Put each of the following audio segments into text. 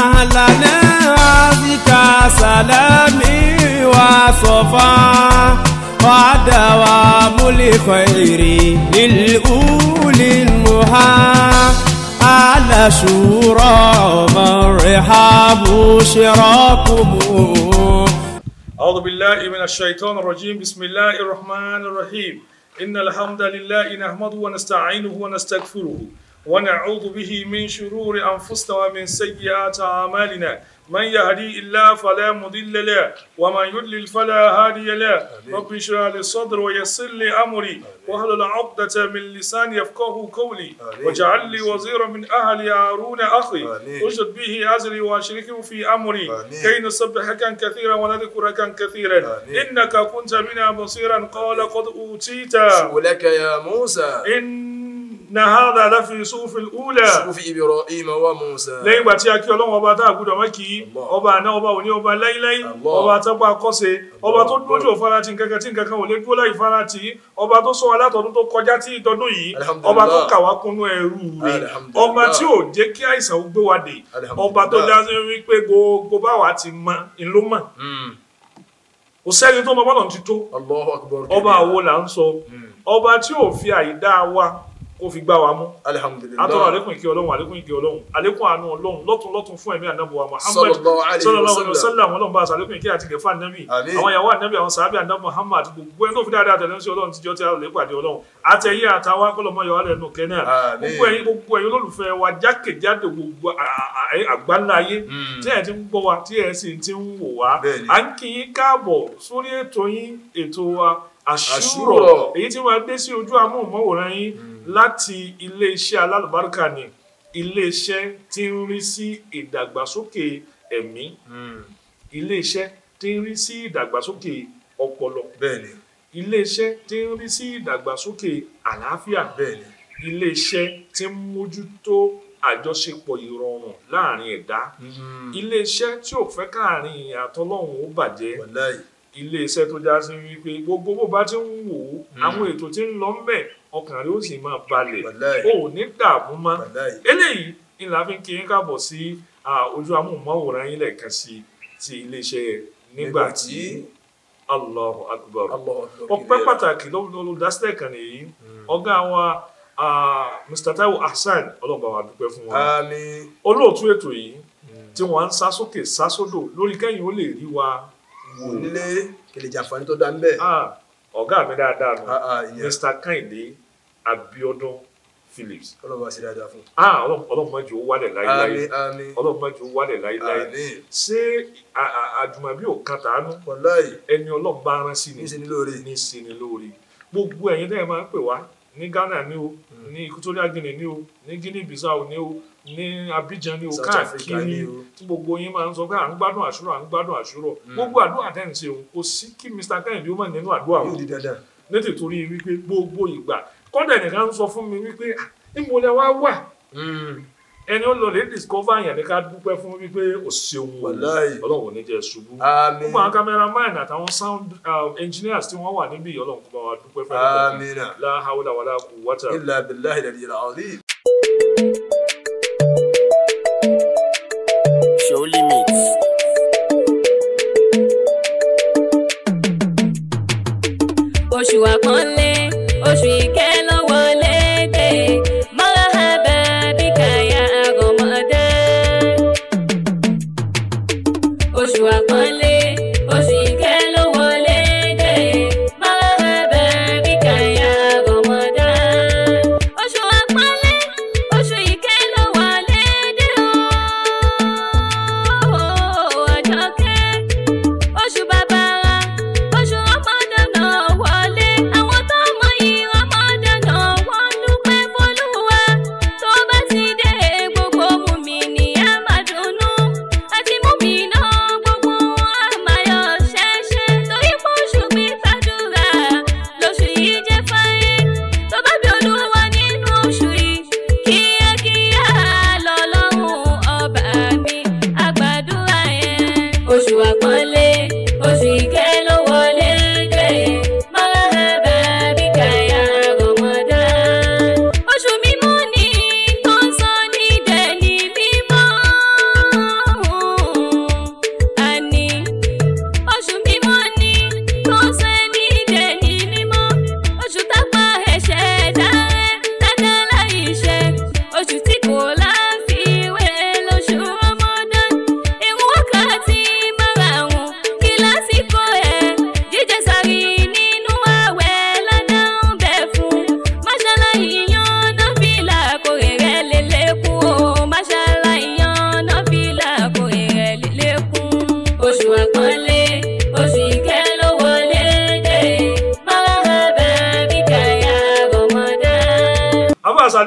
أهلا بك سلامي وصفا ودوام الخير للأولي المها على شورى مرحب شراكم أعوذ بالله من الشيطان الرجيم بسم الله الرحمن الرحيم إن الحمد لله نحمده ونستعينه ونستغفره ونعوذ به من شرور أنفسنا ومن سيئات أعمالنا من يهدي الله فلا مضل له ومن يضلل فلا هادي له رب اشرح لي صدري ويسر لي امري واحلل عقدة من لساني يفقه قولي واجعل لي وزيرا من اهلي هارون اخي اشد به ازري واشركه في امري كي نسبحك كثيرا ونذكرك كثيرا انك كنت بنا بصيرا قال قد اوتيت لك يا موسى إن nahada láfi sufi ula. sufi ima wa Musa. lẹ́yìn ìgbà a kí ọlọ́run ọba tá a gbúdọ̀ mọ́ ọba àná ọba òní ọba láíláí ọba àtọ́gbà ọba tó dúró ò fara ti nkankan tí nkankan ò lè dúró ti ọba tó sọ alátọ̀dún tó kọjá tí yìí ọba tó kà wá kúnú ẹrú ọba tí ò jẹ́ kí àìsàn ó ọba tó gbogbo ti mọ ìlú hmm. kò sẹ́ni tó mọ kó fi gbá wa mú. alihamudulilayi atọ́rọ alekun ike ọlọ́run alekun ike ọlọ́run alekun àánú ọlọ́run lọ́tún lọ́tún fún ẹ̀mí ànábùwà muhammad sallallahu alayhi wa sallam ọlọ́run bá aṣọ alekun ike àti kẹfà ànábì àwọn ìyàwó ànábì àwọn sàábì ànábì muhammad gbogbo ẹni tó fi dáadáa tẹ̀lé ń sọ ọlọ́run tíjọ́ tí a lè pàdé ọlọ́run àtẹ̀yẹ àtàwọn akọlọmọ yọ alẹ́ nù kẹ́nẹ́ àṣùrọ̀ èyí tí wọ́n dé sí ojú amóhùnmáwòrán yín mm. láti iléeṣẹ́ alálùbáríkà ni iléeṣẹ́ tí ń rí sí ìdàgbàsókè ẹ̀mí mm. iléeṣẹ́ tí ń rí sí ìdàgbàsókè ọpọlọ iléeṣẹ́ tí ń rí sí ìdàgbàsókè àlàáfíà iléeṣẹ́ tí ń mójútó àjọṣepọ̀ ìrọ̀rùn láàrin ẹ̀dá mm. iléeṣẹ́ tí ò fẹ́ káàrin àtọlọ́hún ó bàjẹ́ iléeṣẹ́ tó já sí wípé gbogbo bó bá ti ń wò ó hmm. àwọn ètò tí ń lọ ńbẹ̀ ọkàn rẹ ó sì máa balẹ̀ o ò ní dààmú mọ́ eléyìí ni la fi ń kí n káàbọ̀ sí ojú amóhùnmáwòrán yín lẹ́ẹ̀kan sí ti iléeṣẹ́ nígbà tí Allahu Akbar ọpẹ́ pàtàkì lọ́dásílẹ̀ kan nìyí hmm. ọ̀gá wa Mr Taiwo Hasan ọlọ́ba wa dúpẹ́ fún wa olóòtú ètò yìí hmm. tí wọ́n ń sá sókè sá sódò lórí kẹ́yìn ó lè rí wa wò nílé kìlìjì àǹfààní tó dá ń bẹ. Ah, ọ̀gá mi dáadáa nù ah, ah, Mr. Kehinde Abiodun Phillips. ọlọ́run wá sí dáadáa fún. ọlọ́run máa jù ó wálẹ̀ láíláí ọlọ́run máa jù ó wálẹ̀ láíláí ṣé àjùmọ̀bí ò kan tàánú ẹni ọlọ́run bá rán sí ni ní sí ni lóore gbogbo ẹ̀yin náà máa ń pè wá ní Ghana ni o hmm. ní Equatorial Guinea ni o ní Guinea Bissau ni o ní Abidjan ni o káàkiri tí gbogbo yín máa ń sọ pé à ń gbádùn àṣúrò à ń gbádùn àṣúrò mm. gbogbo àdúrà tẹ́yìn sí òun kò sí kí Mr Kẹ́hìndé ó mọ̀ nínú àdúrà òun létí torí wípé gbogbo ìgbà kọ́dà nìkan sọ fún mi wípé ìmọ̀lẹ̀ wa wà mm. ẹni ó lọ lè discover yẹn ní ká dúpẹ́ fún wípé o ṣeun ọlọ́run ò ní jẹ́ ṣubú ó máa cameraman àtàwọn sound um, engineers tí wọ́n wà níbí ọlọ́run kó bá wa dúpẹ́ fún ẹni tó kí la hawla wala quwwata illa billahi al-aliyyil you are gone.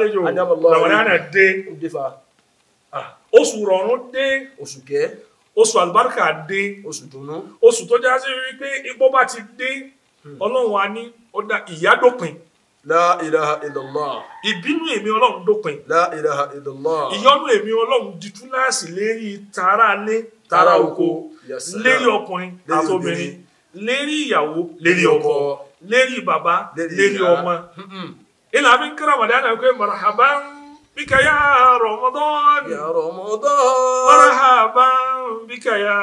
lálejò ramadana dé oṣù rọrùn dé oṣù kẹ oṣù àlùbáríkà dé oṣù dùnú oṣù tó jásí wípé igbó bá ti dé hmm. ọlọ́run á ní ìyà dópin. La ilaha illallah. Ìbínú èmi ọlọ́run dópin. La ilaha illallah. Ìyọ́nú èmi ọlọ́run di túláàsì lérí tara lé tara oko lérí ọkùnrin àtobìnrin lérí ìyàwó lérí ọkọ lérí bàbá lérí ọmọ ilà fi ń kí ramadan àgbẹ̀ marhaban bíkà yá ramadan. yá ramadan. marhaban bíkà yá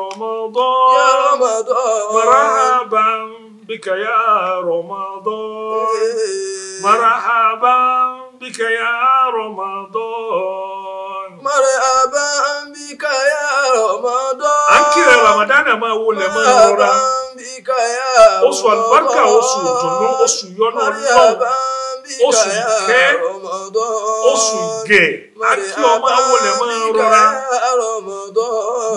ramadan. yá ramadan. marhaban bíkà yá ramadan. marhaban bíkà yá ramadan. marhaban bíkà yá ramadan. à ń kiri ramadan àmọ́ wọlé mọ́ ìrora. marhaban bíkà yá ramadan. oṣù àlùbáríkà oṣù dùnú oṣù yọnu oṣù gẹ oṣù gẹ àti ọmọ awolẹ̀ máa rọra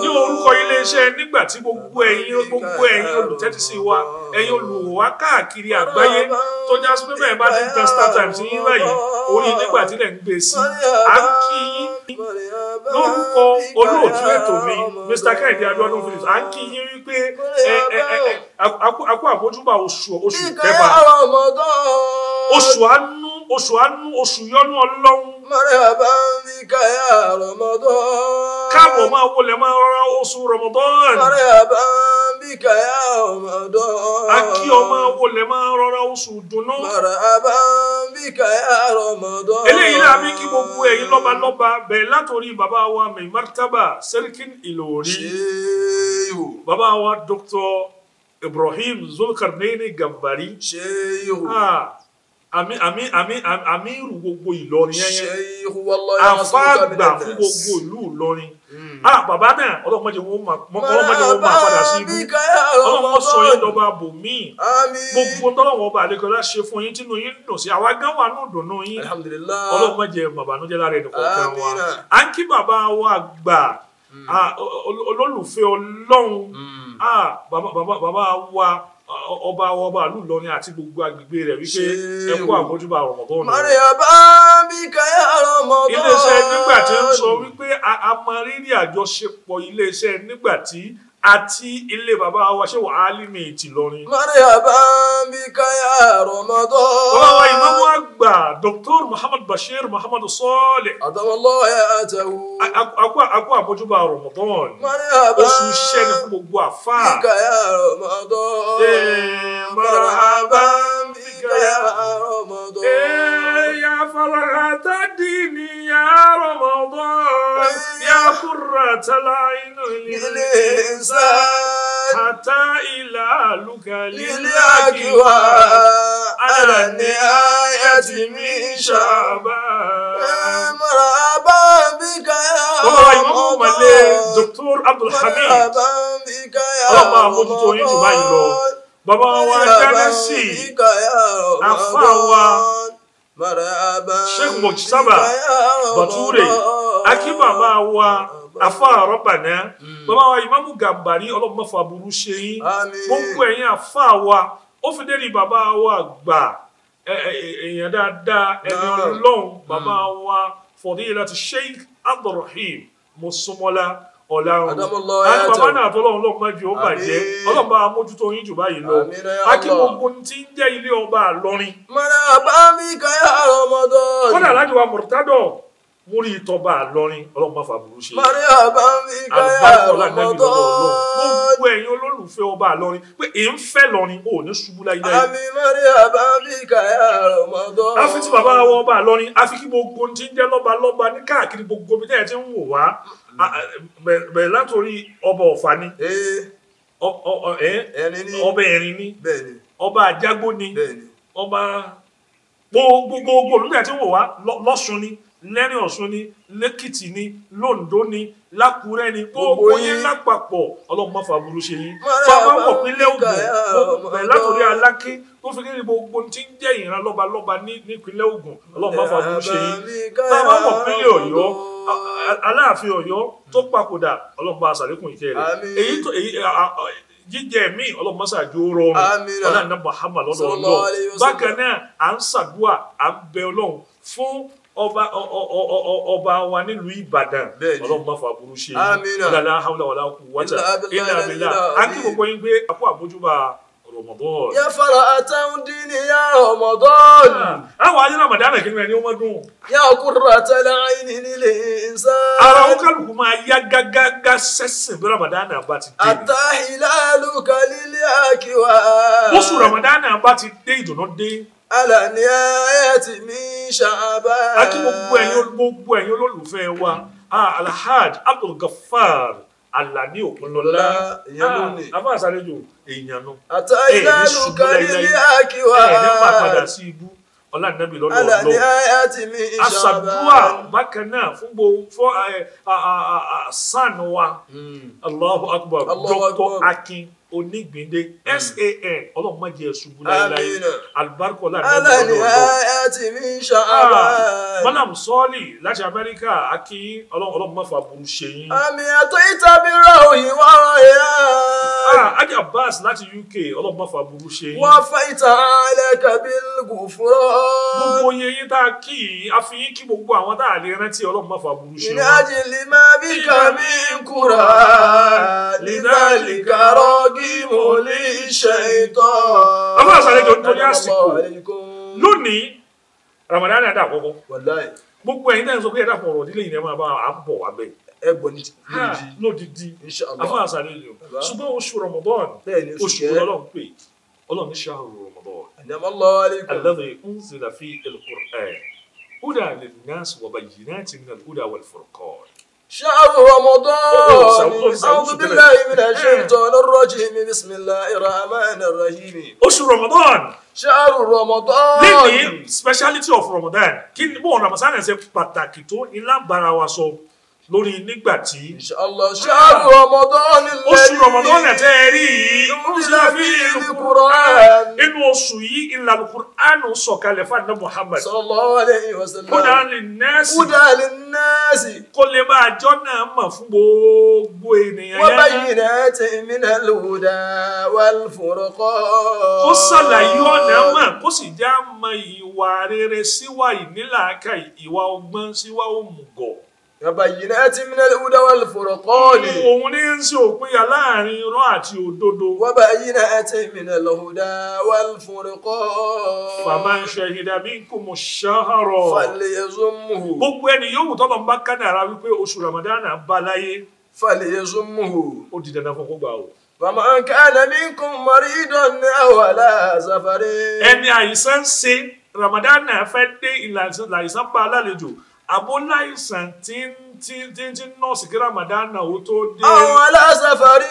ní orúkọ iléeṣẹ́ nígbà tí gbogbo ẹ̀yin gbogbo ẹ̀yin olùtẹ́tísí wa ẹ̀yin olùwò wa káàkiri àgbáyé tó já sí pé bá ti ń tan star times yín báyìí orí nígbà tí lẹ̀ ń gbé sí à ń kí yín lórúkọ olóòtú ètò mi Mr. Kẹ́hìndé Abíọ́dún Phillips à ń kí yín wípé ẹ ẹ ẹ akú àbójúbà oṣù oṣù kẹfà oṣù àánú oṣù àánú oṣù yọ́nú ọlọ́run. mọ̀rẹ́ bàbá ń rí káyà rọmọdán. káàbọ̀ máa wọlé máa rọra oṣù rọmọdán. mọ̀rẹ́ bàbá ń rí káyà rọmọdán. akí ọmọ wọlé máa rọra oṣù dùnú. mọ̀rẹ́ bàbá ń rí káyà rọmọdán. eléyìí náà bí kí gbogbo ẹ̀yin lọ́balọ́ba bẹ̀rẹ̀ látòrí bàbá wa mai martaba sẹ́ríkìn ìlòrí. bàbá wa dr ibrahim zulkarnaini gambari. ṣé yóò. Ah, àmì àmì àmì àmì irú gbogbo ìlọrin yẹn yẹn àfa àgbà fún gbogbo ìlú ìlọrin hmm. ah bàbá náà ọlọ́mọdé wọn ọlọ́mọdé wọn máa padà sí ibú ọlọ́mọ sọ yẹn dọba bò mí gbogbo tọ́lọ́wọ́n ọba àlekọ́lá ṣe fún yín tínú yín dùn sí àwa gan wà nù dùnú yín ọlọ́mọdé bàbánújẹ́ lára ẹnì kọ̀ọ̀kan wa à ń kí bàbá wa gbà hmm. olólùfẹ́ ọlọ́run hmm. bàbá wa ọba ọba àlùlọ ni àti gbogbo agbègbè rẹ̀ wípé ẹ kú àmójúbà ọmọbọ ọmọ. mọ̀rẹ́ ọba bí káyà ọmọbọ. iléeṣẹ́ nígbà tí ń sọ wípé a mọ rírì àjọṣepọ̀ iléeṣẹ́ nígbà tí àti ilé bàbá wa ṣé wàá límì tìlọrin. Mariya bá ń bí káyà rọmọdọ. Ọlọ́wà ìmáàmù àgbà Dr. Muhammad Bashir Muhammad Sọ́ọ̀lẹ̀. Àtàwọ̀lọ́ ẹ̀ àtẹ̀wò. Àkó àbójúbà Ramadan. Mariya bá ń bí oṣù iṣẹ́ ni fún gbogbo àfáà. Bí káyà rọmọdọ. Ẹ̀ẹ́n bá ń. يا رمضان يا فرحة ديني يا رمضان يا قرة العين للإنسان حتى إلى إلهك للأكوان على النهاية من شعبان مرحبا بك يا رمضان دكتور عبد الحميد مرحبا بك يا رمضان ọlọ́pàá àmójútó bàbá wa jẹ́rẹ́sì àfa wa sheikh mojtaba bature akíbàbá wa àfa àrọ́bàná hmm. bàbá wa imamu gambari ọlọ́mọfà burú ṣe yín gbogbo ẹ̀yìn àfa wa ó fi dé ní bàbá wa gbà èèyàn dáadáa ẹni ọlọ́run bàbá hmm. wa fọ̀dí láti sheikh abdulrahim mọ̀sọ́mọ́lá ọ̀la ọ̀hún àgbàbá náà tọ́lọ́run lọ́pọ̀ jù ó bàjẹ́ ọlọ́pàá amójútó yín jù báyìí lọ akíngbogbo tí ń jẹ́ ilé ọba àlọ́rin. mọ̀nà bá mi káyà ọmọdé. kódà láti wa mọ̀tádọ̀ mo rí ìtọ́ba àlọ́rin ọlọ́pàá fàbùrù ṣe. mọ̀nà bá mi káyà ọmọdé. gbogbo ẹ̀yin olólùfẹ́ ọba àlọ́rin pé èyí ń fẹ́ lọ́rin ò ní ṣubú láyé. àmì mọ̀nà bá mi káyà ọmọdé. àfi tí bàbá wa ọba àlọ́rin àfi kí gbogbo tí ń jẹ́ lọ́ba lọ́ba ní káàkiri gbogbo bí Ah, ah, bẹ̀rẹ̀ látòrí ọba ọ̀fà ni ọba ẹ̀rin ni ọba àjágbó ni ọba gbogbo olùdíje tí wò wá lọ́sùn ni lẹ́rìn ọ̀ṣun ni lẹ́kìtì ni lóńdó ni lákùrẹ́ ni gbogbo yẹn lápapọ̀ ọlọ́run má fa burú ṣe yín fáwọn wọ̀ pínlẹ̀ Ògùn bẹ̀rẹ̀ látòrí aláké tó fi kéde gbogbo tí ń jẹ́ ìran lọ́balọ́ba nípínlẹ̀ Ògùn ọlọ́run má fa burú ṣe yín fáwọn wọ̀ pínlẹ̀ Ọ̀yọ́ aláàfin Ọ̀yọ́ tó papòdà ọlọ́run bá aṣàlékún ìkẹ́ rẹ̀ èyí tó jíjẹ mi ọlọmọsáàjú rọrùn ọlọ́run náà Muhammad bákan náà à ń ṣàdúà à ń bẹ ọlọ́run fún ọba ọba wa nílùú ìbàdàn ọlọ́run máa fọ aburú ṣe ọ̀làlá hawla wàlá kú wájà iná abẹ́là á kí gbogbo yín gbé àpò àbójúbà rọmọdọ́ọ̀lù. yẹ fara àtàwọn dínní yá rọmọdọ́ọ̀lù. àwọn ajé ramadana ah, kí ni ẹni wọn dùn. yà á kó rà tẹ́lẹ̀ àìní nílé nsá. ara wọn kálukú máa yá gágágá sẹ́sìn bí ramadana bá ti dé. àtàhìlá lùkàlílẹ̀ àkíwá. bóṣù ramadana bá ti dé ìdùnnú dé alani ayati min ṣàbá. a kí gbogbo ẹ̀yin gbogbo ẹ̀yin olólùfẹ́ wa alhaj abdulgafar alani òkunlọlá àbá àsálejò èèyàn nu èyí ṣubú lẹ́yìn ẹ̀yìn nípa padà sí ibú ọlànàbì lọ́dọ̀ ọ̀dọ́ àṣàdúrà bákan náà fún gbogbo sàn wa hmm. allahu akbar dr akin onígbìndé hmm. san ọlọ́run má jẹ́ ṣubú láéláé alibarikọ láàrin ọlọ́run àti mi ń ṣe ara. madam sọ́ọ̀lì láti amẹ́ríkà akí ọlọ́run má fa burú ṣe yín. àmì ẹ̀tọ́ ìtàbí rẹ̀ òyìn wá rán ìyá. Ah, ajá bass láti uk ọlọ́run má fa burú ṣe yín. wọ́n fẹ́ ìta ẹlẹ́kẹ̀ bí gùn fún ọ. gbogbo iye yín tá a kì í a fi yín kí gbogbo àwọn tá a lè rántí ọlọ́run má fa burú ṣe yín. ìrìnàjì lè má bí kàmí kúrà lè dá lè mo lè ṣe ìtọ́. ọmọ àṣàlẹ̀ jọ nítorí àsìkò lónìí Ramadan àdá àkọ́kọ́ gbogbo ẹ̀yin náà sọ pé ẹ̀dá fọ̀rọ̀ nílé ìyẹn máa bá a bọ̀ wá bẹ́ẹ̀. ẹ gbọ́ ní lódìdí afọ àṣàlẹ̀ jọ ṣùgbọ́n oṣù Ramadan oṣù Ọlọ́run pè Ọlọ́run ní ṣáà Ramadan alladhi unzila fi al-Qur'an hudan lin-nas wa bayyinatin min al-huda wal-furqan. شهر رمضان أعوذ بالله من الشيطان الرجيم بسم الله الرحمن الرحيم oṣù Ramadan شهر Ramadan lẹ́yìn speciality of Ramadan kí ni bọ́ọ̀ Ramadan ẹ̀ ṣe pàtàkì tó ńlá bara wa lórí nígbà tí. Inshallah ṣáàrù Ramadan lẹ́yìn. oṣù Ramadan lẹ́tẹ̀ rí yìí. ìlà fi al-Qur'an. inú oṣù yìí ìlà al-Qur'an sọ̀kalẹ̀ fún àdínà Muhammad. sallallahu alayhi wa sallam. hudan lin-nasi. hudan lin-nasi. kó lè máa jọ́ náà mà fún gbogbo ènìyàn yẹn. wa bayyinatin min al-huda wal-furqan. kó sàlàyé ọ̀nà mà kó sì já mọ ìwà Yàbàyìnàtì mìíràn ìwúdà wà lùfòrọ̀kọ́ọ̀nì. Òun ní ń ṣe òpinya láàrin irọ́ àti òdodo. Wàbàyìnàtì mìíràn lọ́hùdà wà lùfòrọ̀kọ́ọ̀nì. Bàbá ń ṣe ìdá mi kò mọ̀ ṣáhárọ̀. Fàlẹ̀ yẹ̀zọ́ mú. Gbogbo ẹni yóò wù tọ́lọ̀ ń bá kádàrá wípé oṣù Ramadan bá láyé. Fàlẹ̀ yẹ̀zọ́ mú. Ó di dandan fún kó gbà o. Bàmá kánà mi kò mọ̀rí ìdánná wàhálà àzàfàrẹ́ àbóláìsàn tí tí tí tí nọ́ọ̀sì kí Ramadan náà ó tó dé. àwọn aláṣàfàrí.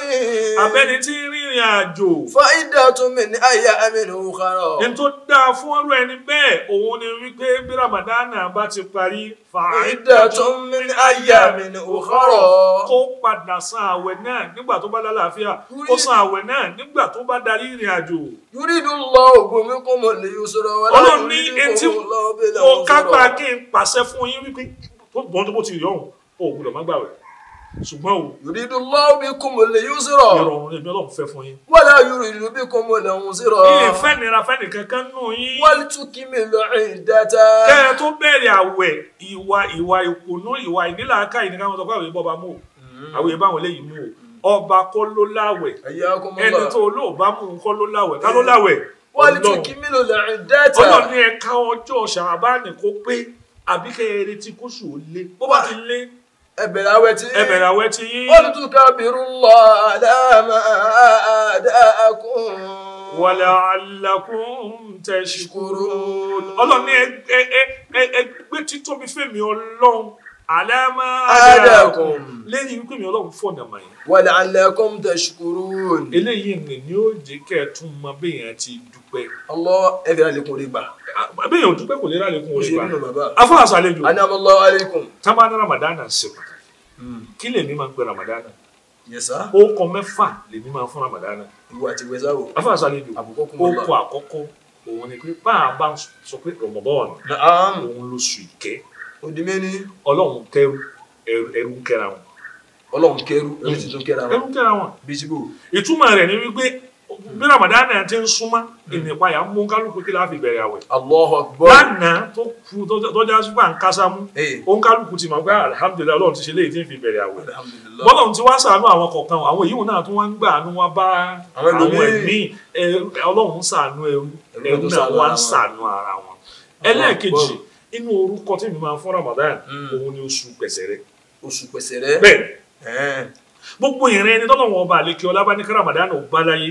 abẹ́ni tí rìnrìn àjò. fáìdà tún mi ní àyà amínú kárọ̀. ní tó dáa fún ọ̀rọ̀ ẹni bẹ́ẹ̀ òun ni wípé bí Ramadan náà bá ti parí. fáìdà tún mi ní àyà amínú kárọ̀. kó padà san àwẹ̀ náà nígbà tó bá lálàáfíà kó san àwẹ̀ náà nígbà tó bá darí ìrìn àjò. yúrídù lọ ògùn mi kò mọ̀ lè yóò sọ̀rọ̀ tó bọ́n tó bó ti rí o gbọ́dọ̀ má gbàwẹ̀ ṣùgbọ́n o. yuridu Allahu bikumul yusra. ìrọ̀rùn ni Ọlọ́run fẹ́ fún yín. wala yuridu bikumul usra. ìfẹ́ nira fẹ́ nìkankan nù yín. walitukimmil iddata. kẹ́ ẹ tó bẹ̀rẹ̀ àwẹ̀ ìwà ìwà ìkùnú ìwà ìnílàáká ìnira wọn sọ pé àwọn èèyàn bọ́ bá mú o àwọn èèyàn bá wọn léyìí mú o ọba kọ́ ló láwẹ̀ ẹni tó olóòbá mú un kọ́ ló láwẹ̀ ká ló láwẹ̀ wọ́n tún kí mí ló lẹ́rìn dẹ́ta. ọlọ́run ní ẹ̀ka ọjọ́ ṣàbánì kó pé àbíkẹ́ ẹrẹ tí kò sùn lé bó bá ti lé ẹbẹ̀rẹ̀ awẹ́ tí yín ẹbẹ̀rẹ̀ awẹ́ tí yín ọdún ká bìrù lọ àdáàmà àdáàkùn. wàlà alákùn tẹ̀síkúrú. ọlọ́run ní ẹgbẹ́ títóbi fèmí ọlọ́run àlẹ́mọ́ àdàkùn lẹ́yìn wípé mi ọlọ́run fọ̀ nàmà yẹn. wàlà àlẹ́kùn tashkurun. eléyìí nì ni ó jẹ́ kẹ́ ẹ tún mọ béèyàn ti dúpẹ́. ọlọ ẹ fi àlékún rẹ gbà. béèyàn dúpẹ́ kò lè rà àlékún rẹ gbà. afọ àṣà àlejò. anamọlọ àlékún. tábà ní ramadana ṣe pàtàkì. Hmm. kí lèmi máa ń pe ramadana. yẹsà. ó kọ mẹ́fà lèmi máa fún ramadana. ìwà àti wẹsà o. afọ àṣà àlejò. àkọ́kọ́ òdìmẹ́ni. ọlọ́run kẹrù ẹrù kẹra wọn. ọlọ́run kẹrù ẹrù sì kẹra wọn. ẹrù kẹra wọn. bisibu. ìtumọ̀ rẹ̀ ni wípé bí ramadan náà ti ń súnmọ́ ìnìpa yà mú kálukú kí láàfin bẹ̀rẹ̀ àwẹ̀. Allahu Akbar. lánàá tó kú tọ́jà súpà ń kásá mú. òun kálukú ti mọ̀ pé alhamdulilayi ọlọ́run ti ṣe léyìí tí ń fi bẹ̀rẹ̀ àwẹ̀. bọ́lọ̀ ti wá sàánú àwọn kọ̀ọ̀kan àwọn èyí náà tó wá ń gbà àánú wá bá àwọn ẹ̀mí ọlọ́run sàánú ẹrú ẹrú náà wá ń sàánú ara wọn. ẹlẹ́ẹ̀kejì inú orúkọ tí mi máa fún Ramadan hmm. òun ni oṣù pẹ̀sẹ̀rẹ́. oṣù pẹ̀sẹ̀rẹ́. bẹ́ẹ̀ gbogbo yẹn ẹni tọ́lọ̀ wọn ọba àlekè ọlá bá ní kí Ramadan ò bá láyé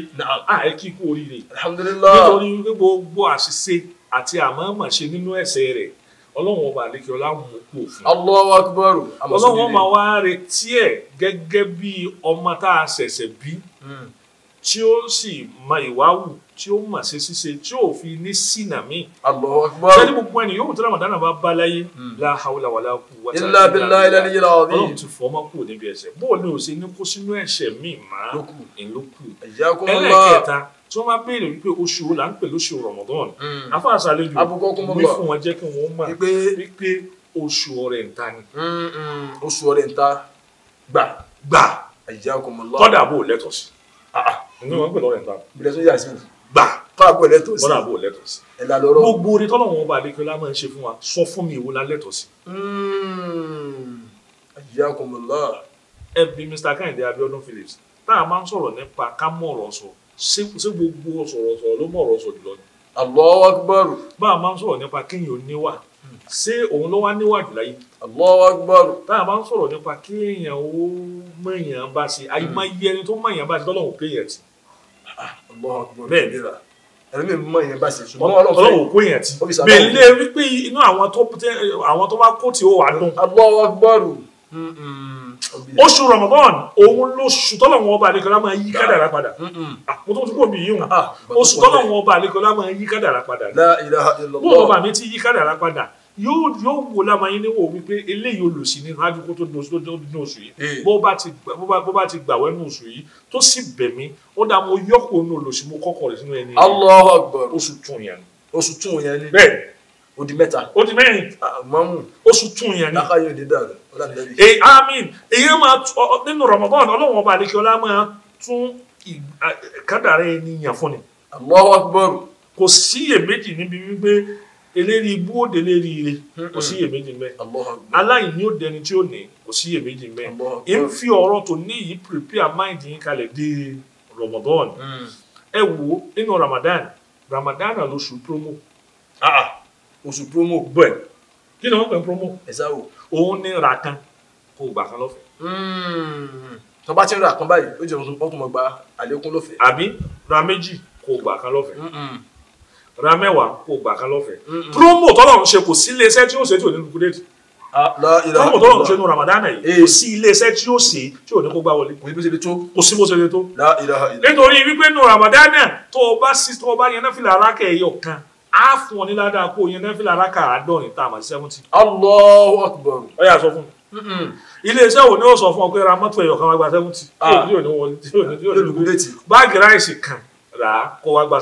àì kí kú oríire. alhamdulillah nítorí gbogbo àṣìṣe àti àmọ́mọ̀ṣe nínú ẹ̀ṣẹ̀ rẹ̀ ọlọ́run ọba àlekè ọlá mú kú òfin. Allahu akbar. ọlọ́run máa wá retí ẹ̀ gẹ́gẹ́ bí ọmọ tá a ṣẹ̀ṣẹ̀ bí hmm. tí ó sì mọ ìwà wù tí ó mà ṣe ṣíṣe tí ò fi ní sínà míì. Allahu Akbar. sẹ́ni gbogbo ẹni yóò tẹ́lẹ̀ mọ̀dánà bá bá láyé hmm. la hawla wala quwwata illa billahi al-aliyyil azim. ọlọ́run ti fọ́ ọmọ kù níbi ẹ̀ṣẹ̀ bóò ni ò ṣe ní kó sínú ẹ̀ṣẹ̀ míì má ìlókù. ẹlẹ́kẹta tí wọ́n bá béèrè wípé oṣù wo là ń pè lóṣù Ramadan afa hmm. àṣàlejò wí fún wọn jẹ́ kí wọ́n mọ̀ wípé oṣù ọ̀rẹ́ ǹta ni. Hmm, oṣù ọ̀rẹ́ ǹta gbà. gbà. kọ́dà bò lẹ́tọ̀ọ̀sì. inú wọn pè lọ́rẹ̀ gbà. kọ́ra kó lẹ́tọ̀ọ́ sí. kọ́ra kó lẹ́tọ̀ọ́ sí. ẹ la lọ́rọ́. gbogbo orí tọ́lọ̀ wọn bá adékọ́lá máa ń ṣe fún wa sọ fún mi ìwo la lẹ́tọ̀ọ́ sí. Hmm. ayakumullah. ẹ bí Mr. Kehinde Abiodun Phillips tá a máa ń sọ̀rọ̀ nípa ká mọ̀ ọ̀rọ̀ sọ ṣé gbogbo sọ̀rọ̀ sọ̀rọ̀ ló mọ̀ ọ̀rọ̀ sọ jùlọ ni. Allahu akbar. bá a máa ń sọ̀rọ̀ nípa kéèyàn níwà hmm. ṣé òun ló wá níwájú láyé. Allahu akbar. tá a bá ń sọ̀rọ̀ nípa kéèyàn ó mọ̀yàn bá ṣe àyè máa yẹ ẹni tó mọ̀yàn bá ṣe tọ́lọ́hùn kéèyàn ti bẹ́ẹ̀ ni ra ẹlẹ́mì mọ ìyẹn bá ṣe ṣùgbọ́n ọlọ́run fẹ́ ọlọ́run kó èèyàn tí bẹ́ẹ̀ lé wípé inú àwọn tó àwọn tó bá kó tí ó wà nù. abọ́wọ́ gbọ́rù. oṣù Ramadan òun lóṣù tọ́lọ̀wọ́n ọba àlekọ́lá máa yí kádàrá padà àpótó tó kò bí yíyùn ah, oṣù tọ́lọ̀wọ́n ọba àlekọ́lá máa yí kádàrá padà. bó ọba mi ti yí kádàrá padà yóò yóò wò lámà yín níwò wípé eléyìí olùsí nínú ajúkó tó nínú oṣù yìí bó bá ti bó bá ti gbàwé nínú oṣù yìí tó sì bẹ̀mí ó dá mo yọkùn nínú olùsí mo kọ́kọ́ rẹ̀ sínú ẹni Akbar oṣù tún yẹn ni oṣù tún yẹn ni bẹ́ẹ̀ ó di mẹ́ta ó di mẹ́rin ah, mọ́mú oṣù tún yẹn ni lákàyè òde dàrú ọlọ́dúnrún. ee àmín èyí máa nínú Ramadan ọlọ́run ọba àdékọ́lá máa tún kádàrá ẹni yàn fún ni. Akbar kò síyèméjì níbi eléri ibú òde léri ire kò sí iyèméjì mẹ aláìní òde ẹni tí ó ní kò sí iyèméjì mẹ ẹ ń fi ọ̀rọ̀ tó ní yìí prepare mind yín kalẹ̀ dé Ramadan mm. ẹ wo nínú Ramadan Ramadan lóṣù promo ah, ah. oṣù promo bẹ́ẹ̀ kí ni wọ́n pè promo òun ní ra kan kó gbà kan lọ́fẹ̀ẹ́ mm. tó bá ti ra kan báyìí ó jẹ́ òun tó mọ̀ gba àlékún lọ́fẹ̀ẹ́ àbí ra méjì kó gbà kan lọ́fẹ̀ẹ́ ra mẹ́wàá kó gbà kan lọ́fẹ̀ẹ́ promo tọ́lọ̀ ń ṣe kò sí iléeṣẹ́ tí ó ṣe tí ò ní kúkú déètì ah, promo tọ́lọ̀ ń ṣe nu Ramadan yìí eh. kò sí iléeṣẹ́ tí ó ṣe tí ò ní kó gbà wọlé kò sí bó ṣe lè tó kò sí bó ṣe lè tó nítorí wípé nu Ramadan tó o bá sí tó o bá yẹn náà fìlà arákẹ́ ẹ̀yọ kan á fún ọ ní ládàá kó o yẹn náà fìlà arákà àádọ́rin tá a mọ̀ sí seventy. Allahu Akbar. ó yá sọ fún mi iléeṣẹ́ wo ni ó sọ fún ọ pé ra mọ́tò ẹ̀yọ̀ kan wá gba seventy yóò ah. ní wọlé yóò ní wọlé báàgì ráìsì kan rà á kó wá gba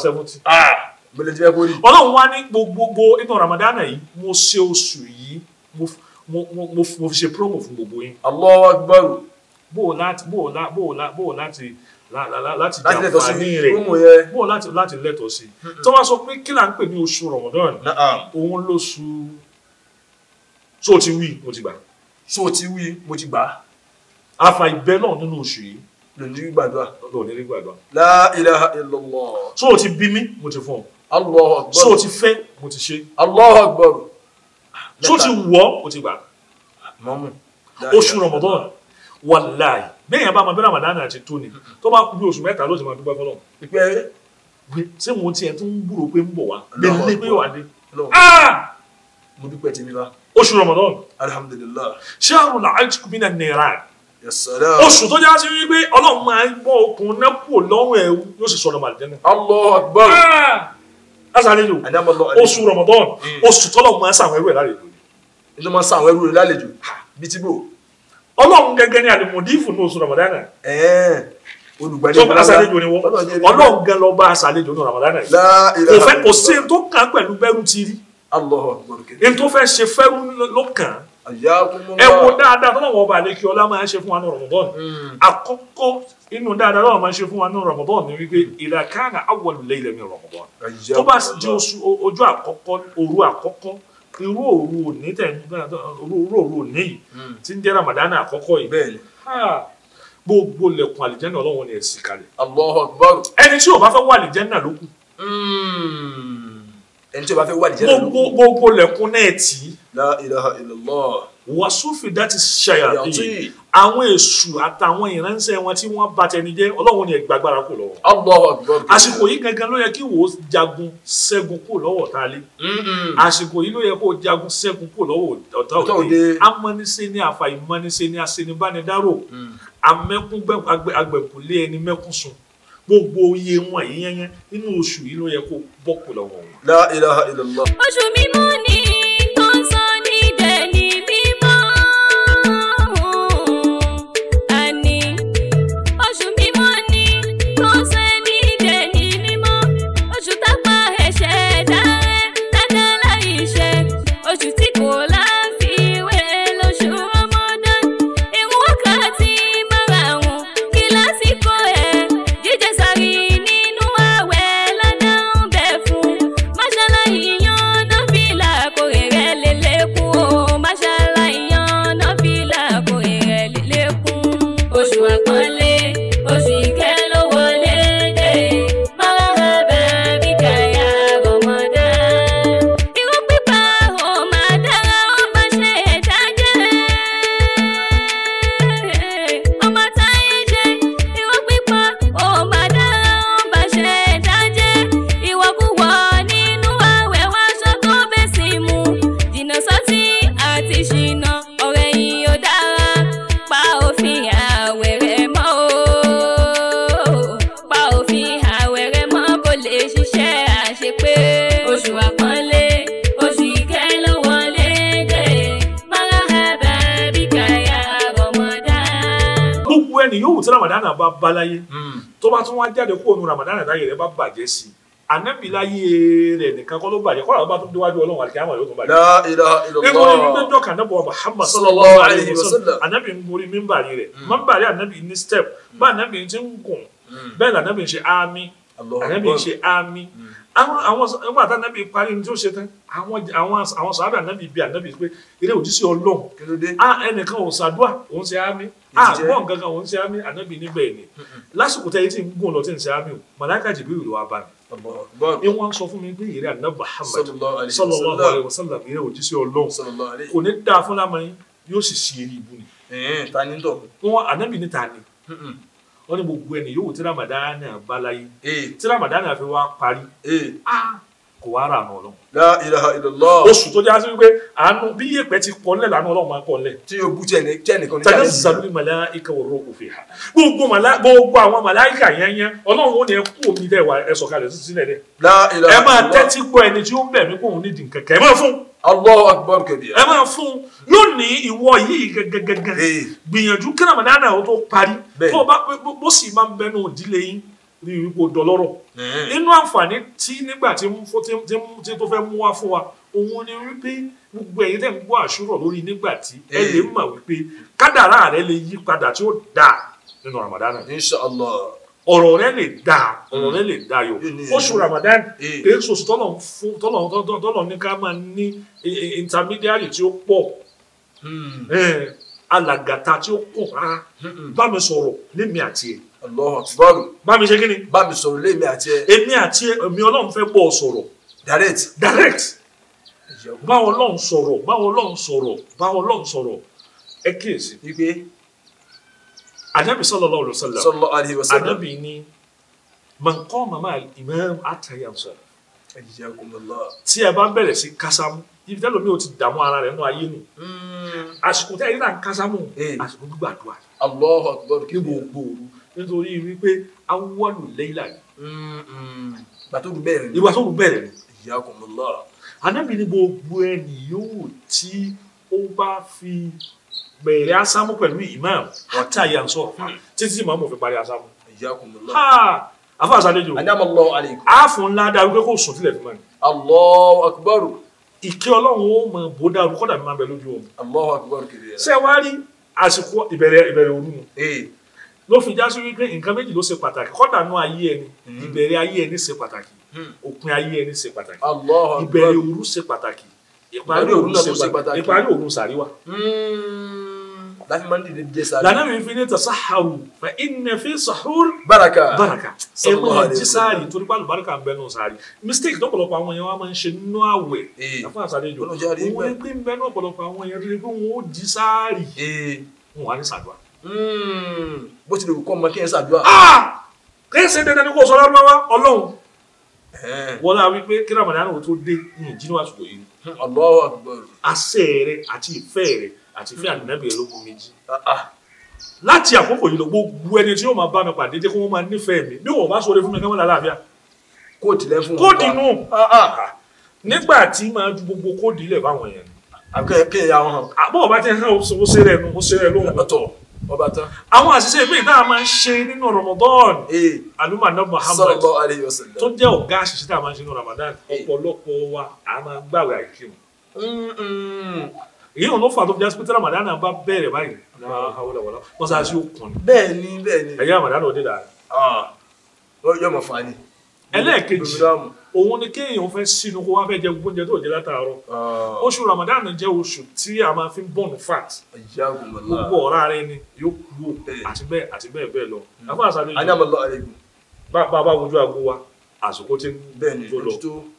bẹ̀lẹ̀ tí fẹ́ kó rí. ọlọ́run wá ní gbogbo inú ramadana yìí mo ṣe oṣù yìí mo fi ṣe promo fún gbogbo yín. Allahu Akbar. bó o láti bó o láti bó o láti láti jàǹfààní rẹ̀ bó o láti láti lẹ́tọ̀ọ́ sí i. tó bá sọ pé kí là ń pè ní oṣù ramadan òun lóṣù tó ti wí mo ti gbà. tó ti wí mo ti gbà. afa ìbẹ́ náà nínú oṣù yìí lòdì gbàdúrà. lòdì gbàdúrà. la ilaha illallah. so o ti bí mi mo ti fún ọ. Allahu Akbar. so o ti fẹ́ mo ti ṣe. Allahu Akbar. so o ti wọ́ o ti gbà. mọ́mú. oṣù Ramadan wàláì bẹ́ẹ̀ yẹn bá ma bẹ́ẹ̀ Ramadan àti tóni tó bá kú bí oṣù mẹ́ta ló ti ma dúpẹ́ fọlọ́. ìpẹ́ ṣé mo tiẹ̀ tún gbúrò pé ń bọ̀ wá lẹ́lẹ́ pé wà dé. Ah! mo dúpẹ́ tèmi bá. oṣù Ramadan. alhamdulilayi. ṣáàrùn làájú mi nà nìyàrá oṣù tó já sí wípé ọlọ́run máa ń bọ́ okùn náà kúrò lọ́rùn ẹ̀ yóò sì sọ̀rọ̀ màdìjẹ́ náà. Allahu lásàlejò oṣù Ramadan hmm. oṣù tọ́lọ̀ máa ń sàwọn ẹrú ẹ̀ lálejò ni ló máa ń sàwọn ẹrú ẹ̀ lálejò bí ti bò. ọlọ́run gẹ́gẹ́ ni àlùmọ̀dí fún oṣù Ramadan. olùgbàlejò lásàlejò ni wọ́n ọlọ́run gẹ́ lọ bá àṣàlejò ní Ramadan. òfẹ́ kò sí tó kàn pẹ̀lú bẹ́rù ti rí. n tó fẹ́ ṣe fẹ́rù lọ́kàn ẹ wo dáadáa tó lọ́wọ́ ọba àlekí ọlá máa ń ṣe fún wa ní Ramadan hmm. àkọ́kọ́ inú dáadáa lọ́wọ́ máa ń ṣe fún wa ní Ramadan ni wípé idha kana awwal layl min Ramadan tó bá jẹ́ ojú àkọ́kọ́ òru àkọ́kọ́ irú òru òní tẹ̀ irú òru òní yìí hmm. tí ń jẹ́ Ramadan àkọ́kọ́ yìí gbogbo lẹ̀kùn àlìjẹ́nà ọlọ́wọ́n ni ẹ̀ kalẹ̀ ẹni tí ò bá fẹ́ wọ àlìjẹ́nà lókù. Hmm ẹni tí o bá fẹ́ wà ní jẹ́nà lókun. gbogbo lẹ̀kún náà tì í. la ilaha illallah. wàsúfì dátì ṣayàtì àwọn èṣù àtàwọn ìránṣẹ́ wọn tí wọ́n bá tẹni jẹ́ ọlọ́run ni ìgbàgbára kù lọ́wọ́. Allahu Akbar. àsìkò yìí gangan ló yẹ kí wò ó jagun ṣẹ́gun kù lọ́wọ́ ọ̀tá lé. àsìkò yìí ló yẹ kó o jagun ṣẹ́gun kù lọ́wọ́ ọ̀tá òde. amọ́nisẹ́ ni àfàìmọ́nisẹ́ ni asenibánidárò. Mm. amẹ́kúngbẹ́ agbẹ̀kùnlé ẹni mẹ́kún sùn gbogbo iye wọn yẹn yẹn nínú oṣù yìí ló yẹ kó bọ́ pẹ̀lú la ilaha illallah. oṣù mímọ́ ni náà bá bá láyé hmm. tó bá tún wá jáde kúrò ní ramadan láyé rẹ bá bàjẹ́ sí i anabi láyé rẹ̀ nìkan kọ́ ló bàjẹ́ kọ́ àwọn bá tún déwájú ọlọ́run àti àwọn yóò tún bàjẹ́. nínú ní gbẹ́jọ́ kan náà bọ̀ Muhammad sallallahu alayhi wa sallam anabi ń borí mímbàrí rẹ̀ hmm. mímbàrí anabi ní step hmm. bá anabi ti ń gùn bẹ́ẹ̀ ni anabi ń ṣe àmì anabi ń ṣe àmì àwọn ẹgbẹ́ àti anabi parí ní tí ó ṣe tán àwọn sàábà anabi bí anabi pé eré òjíṣẹ́ ọlọ́run a ẹnìkan ò ṣàdúà òun ṣe àmì a gbọ́n gangan òun ṣe àmì anabi níbẹ̀ ni lásìkò tẹ́yẹ tí ń gùn lọ tí ń ṣe àmì o màláìka jìbí ìlú wa bá mi ni wọ́n sọ fún mi pé eré anabi Muhammad sallallahu alaihi wasallam eré òjíṣẹ́ ọlọ́run kò ní dáa fún lámọ́ yóò sì ṣe eré ìbú ni. tani tó. wọn anabi ni tani wọ́n ní gbogbo ẹni yòówù tí ramadan bá eh. tí ramadan fi wá parí eh. kò wá rà àánú ọlọ́run. la ilaha illallah. oṣù tó jásí wípé àánú bí yèpẹ̀ ti kọ́lẹ̀ lànà ọlọ́run máa kọ́lẹ̀. tí o bú jẹ́ni jẹ́ni kan ní jẹ́ni. tàbí sàlùmí màláìka wọ̀rọ̀ òfin ha gbogbo àwọn màláìka yẹn yẹn ọlọ́run ó ní ẹ kú omi dẹ̀ ẹ sọ̀kalẹ̀ sísílẹ̀ dẹ̀. la ilaha illallah. ẹ máa tẹ́tí gbọ́ ẹni tí ó ń bẹ̀ mí kóhun nídìí kẹ̀kẹ́ ẹ máa fún Allahu akbar kabira. ẹ máa fún lónìí ìwọ yìí gẹgẹgẹgẹ gbìyànjú kí Ramadan náà tó parí tó bá bó sì máa ń bẹnu òdílé yín ní ipò dọlọ́rọ̀ nínú àǹfààní tí nígbà tí tó fẹ́ mú wá fún wa òun ni wípé gbogbo ẹ̀yin tẹ́ ń gbọ́ àṣúrọ̀ lórí nígbà tí ẹ lè mọ̀ wípé kádàrá rẹ lè yí padà tí ó dáa nínú Ramadan náà. insha ọ̀rọ̀ rẹ lè dáa hmm. ọ̀rọ̀ rẹ lè dayọ̀ oṣù Ramadan kì í ṣoṣù tọ́lọ̀ fún tọ́lọ̀ tọ́lọ̀ ní ká máa ní intermediary tí ó pọ̀ hmm. alàgàtà tí ó pọ̀ rárá hmm. bá mi sọ̀rọ̀ lémi àti ẹ̀. bá mi ṣe kí ni. bá mi sọ̀rọ̀ lémi àti ẹ̀. èmi àti ẹ̀ èmi ọlọ́run fẹ́ bọ̀ sọ̀rọ̀. direct. direct. báwo ọlọ́run sọ̀rọ̀ báwo ọlọ́run sọ̀rọ̀ báwo ọlọ́run sọ̀rọ̀ ẹ kíyèsí. ipe anabi sallallahu alaihi wasallam sallallahu alaihi wasallam anabi ni man qama ma'al imam hatta yansara tí ẹ bá bẹ̀rẹ̀ sí kásámù ibi tẹ́lẹ̀ mi ò ti dààmú ara rẹ̀ nínú ayé nù hmm. àsìkò tẹ́ ẹ nílà ń kásámù eh. àsìkò gbígbàdúrà. Allahu akbar kí gbogbo òru. nítorí wípé awọ́lù lẹ́yìnlá ni. Hmm, hmm. ìgbà tó dùn bẹ́ẹ̀ ni. ìgbà tó dùn bẹ́ẹ̀ ni. Iyakumullah. anábì ni gbogbo ẹni yóò tí ó bá fi bẹ̀rẹ̀ asámú pẹ̀lú imam ọ̀tá ìyá nsọ títí tí màmú fi parí asámú. afa asalejo àfọ̀ ńlá darúgbó kò sùn tilẹ̀ fún mi. Allahu akbar. ìkẹ́ ọlọ́run ó mọ̀ bó dàrú kọ́dà mi máa bẹ lójú ọ̀hún. Allahu akbar kiri yẹn. ṣé wàá rí àsìkò ìbẹ̀rẹ̀ ìbẹ̀rẹ̀ òru mu. Eh. ló fi já sí wípé nǹkan méjì ló ṣe pàtàkì kọ́dà nú ayé ẹni hmm. ìbẹ̀rẹ̀ ayé ẹni ṣe pàtàkì hmm. òpin ayé ẹni ṣe pàtàkì ìbẹ̀rẹ̀ òru ṣe pàtàkì ìparí òru ṣe pàtàkì ìparí òru ṣàríwá. Hmm láti máa ń dìde jẹ sáré. lànà mi fi ní tasaharu fa inna fi sahur. baraka baraka ẹ máa jí sáré torí pàlù baraka ń bẹ nù sáré mistake lọ́pọ̀lọpọ̀ àwọn yẹn wọ́n máa ń ṣe nínú àwẹ̀ àfọwọ́n àṣàlejò wọ́n ń pín bẹ́ẹ̀ lọ́pọ̀lọpọ̀ àwọn yẹn rí i pé wọ́n ó jí sáré eh. wọn wà ní sàdúrà. Hmm. bó ti lè kọ́ ọmọ kí ẹ sàdúrà. Ah! kí ẹ ṣe dandan ni kò sọ lọ́wọ́ ọlọ́run eh. wọ́n náà wípé kí ramadan ò tó dé ní ìjínú àsìkò yìí. Allahu Akbar. àṣẹ rẹ àti ìfẹ́ rẹ àti fún ànábì ológun méjì ah, láti àkókò yìí lọ gbogbo ẹni tí yóò máa bá mi pàdé jẹ́ kí wọ́n máa nífẹ̀ẹ́ mi bí wọ́n bá sọ̀rọ̀ fún mi káwọn lálàáfíà. kóòtù lẹ fún wọn kóòtù nù ah, ah. nígbà tí máa ju gbogbo kóòtù ilẹ̀ fáwọn èèyàn. akẹ́kẹ́ ya wọn. àbọ̀ ọba tẹ hàn ó ṣe rẹ̀ nù ó ṣe rẹ̀ lóhùn. ọ̀tọ̀ ọba tán. àwọn àṣìṣe míì tá a máa ń ṣe nínú Ramadan. aluma anab Muhammad tó jẹ́ ọ̀gá àṣìṣe tá a máa ń ṣe nínú Ramadan ọ̀pọ̀lọpọ̀ wa a máa gbàwé àìkírun èyí ló fà tó fi jásí pé tí ramadan náà bá bẹ̀rẹ̀ báyìí awolowolo wọ́n sá sí òkun ni. bẹ́ẹ̀ ni bẹ́ẹ̀ ni. ẹ̀yà ramadan ò dé dáa. Ah, yóò mọ̀ fani. ẹlẹ́ẹ̀kejì òun ni kéèyàn fẹ́ sínú kó wá fẹ́ jẹ oúnjẹ tó jẹ látàárọ̀ ah. oṣù ramadan jẹ́ oṣù tí a máa fi ń bọ̀nù fat gbogbo ọ̀rá rẹ ni yóò kúrò àti bẹ́ẹ̀ àti bẹ́ẹ̀ bẹ́ẹ̀ lọ. bá a bá àsìkò tí ń tó lọ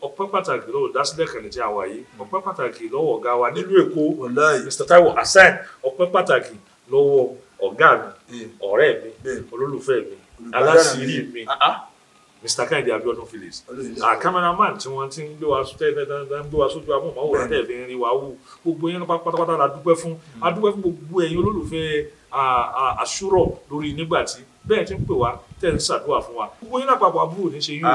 ọpẹ́ pàtàkì lọ́wọ́ dásílẹ̀ kàní tí a wà yìí ọpẹ́ pàtàkì lọ́wọ́ ọ̀gá wa nílùú èkó mr taiwo hasan ọpẹ́ pàtàkì lọ́wọ́ ọ̀gá mi ọ̀rẹ́ mi olólùfẹ́ mi aláṣìírí mi ah, ah. mr kẹ́hìndé abiodun phillips cameraman tí wọ́n ti ń gbé wa sójú amóhùnmáwòrán tẹ̀lé ń rí wa wù gbogbo yẹn pátápátá la dúpẹ́ fún a hmm. dúpẹ́ fún gbogbo ẹ̀yin olólùfẹ́ àṣúrọ̀ lórí nígbàtí bẹ́ẹ̀ tí ń pè wá tẹ̀ ń ṣàdúrà fún wa gbogbo yín lápapọ̀ àbúrò ní ṣe yín o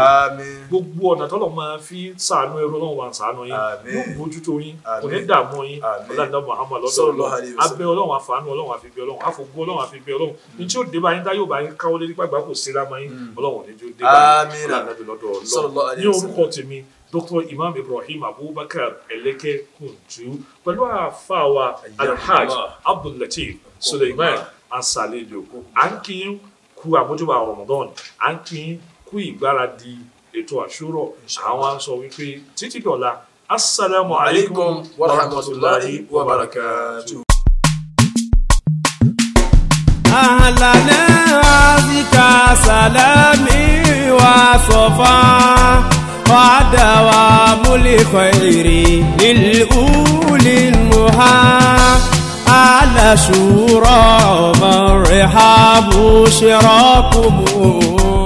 gbogbo ọ̀nà tọ́lọ̀ máa fi ṣàánú ẹrú ọlọ́run wa ṣàánú yín yóò mójútó yín kò ní dààmú yín ọ̀làdá Muhammad lọ́dọ̀ ọlọ́run abẹ́ ọlọ́run àfàànú ọlọ́run àfibẹ́ ọlọ́run àfògbó ọlọ́run àfibẹ́ ọlọ́run ní tí ó dé bá yín tá yóò bá yín káwọ́ lé nípa ìgbà kò sí lámọ́ yín hmm. Dr. Imam Ibrahim Abubakar Eleke Kuntu pẹ̀lú àfa wa Alhaji Abdul Lateef Suleiman asalejo à kú àmójúbà Ramadan à ń kí kú ìgbáradì ètò àṣúrọ àwọn aṣọ wípé títí dọ̀la assalamu alaikum wa rahmatulahi wa barakatuh. أهلاً بك سلامي وصفا ودوام الخير للأولي المهام على شورى مرحب رحاب شراكم